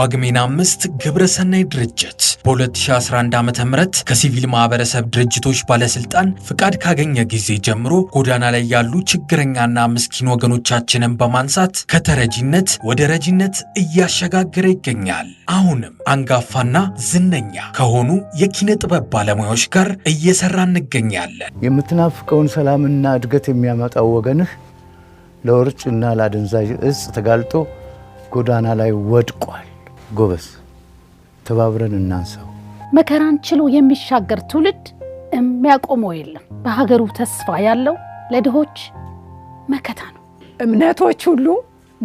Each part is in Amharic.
ጳጉሜን አምስት ግብረሰናይ ድርጅት በ2011 ዓ ም ከሲቪል ማህበረሰብ ድርጅቶች ባለስልጣን ፍቃድ ካገኘ ጊዜ ጀምሮ ጎዳና ላይ ያሉ ችግረኛና ምስኪን ወገኖቻችንን በማንሳት ከተረጂነት ወደ ረጂነት እያሸጋገረ ይገኛል። አሁንም አንጋፋና ዝነኛ ከሆኑ የኪነ ጥበብ ባለሙያዎች ጋር እየሰራ እንገኛለን። የምትናፍቀውን ሰላምና እድገት የሚያመጣው ወገንህ ለውርጭና ለአደንዛዥ እጽ ተጋልጦ ጎዳና ላይ ወድቋል። ጎበስ ተባብረን እናንሳው። መከራን ችሎ የሚሻገር ትውልድ የሚያቆመው የለም። በሀገሩ ተስፋ ያለው ለድሆች መከታ ነው። እምነቶች ሁሉ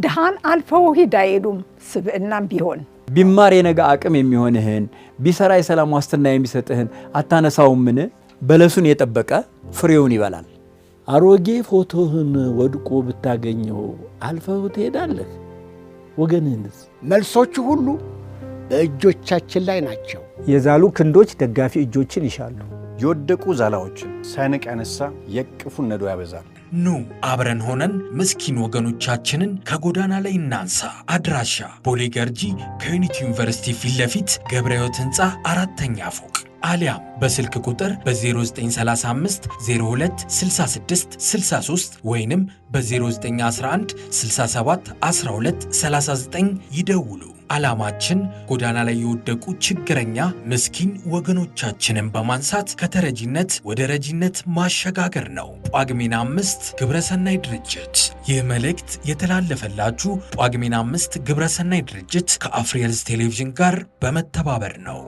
ድሃን አልፈው ሂድ አይሉም። ስብዕናም ቢሆን ቢማር የነገ አቅም የሚሆንህን ቢሰራ የሰላም ዋስትና የሚሰጥህን አታነሳውምን? በለሱን የጠበቀ ፍሬውን ይበላል። አሮጌ ፎቶህን ወድቆ ብታገኘው አልፈው ትሄዳለህ። ወገንህንስ? መልሶቹ ሁሉ በእጆቻችን ላይ ናቸው። የዛሉ ክንዶች ደጋፊ እጆችን ይሻሉ። የወደቁ ዛላዎችን ሳይንቅ ያነሳ የቅፉን ነዶ ያበዛል። ኑ አብረን ሆነን ምስኪን ወገኖቻችንን ከጎዳና ላይ እናንሳ። አድራሻ ቦሌ ገርጂ ከዩኒቲ ዩኒቨርሲቲ ፊት ለፊት ገብረ ሕይወት ህንፃ አራተኛ ፎቅ አሊያም በስልክ ቁጥር በ0935 02 66 63 ወይንም በ0911 67 12 39 ይደውሉ። ዓላማችን ጎዳና ላይ የወደቁ ችግረኛ ምስኪን ወገኖቻችንን በማንሳት ከተረጂነት ወደ ረጂነት ማሸጋገር ነው። ጳጉሜን አምስት ግብረሰናይ ድርጅት። ይህ መልእክት የተላለፈላችሁ ጳጉሜን አምስት ግብረሰናይ ድርጅት ከአፍሪየልስ ቴሌቪዥን ጋር በመተባበር ነው።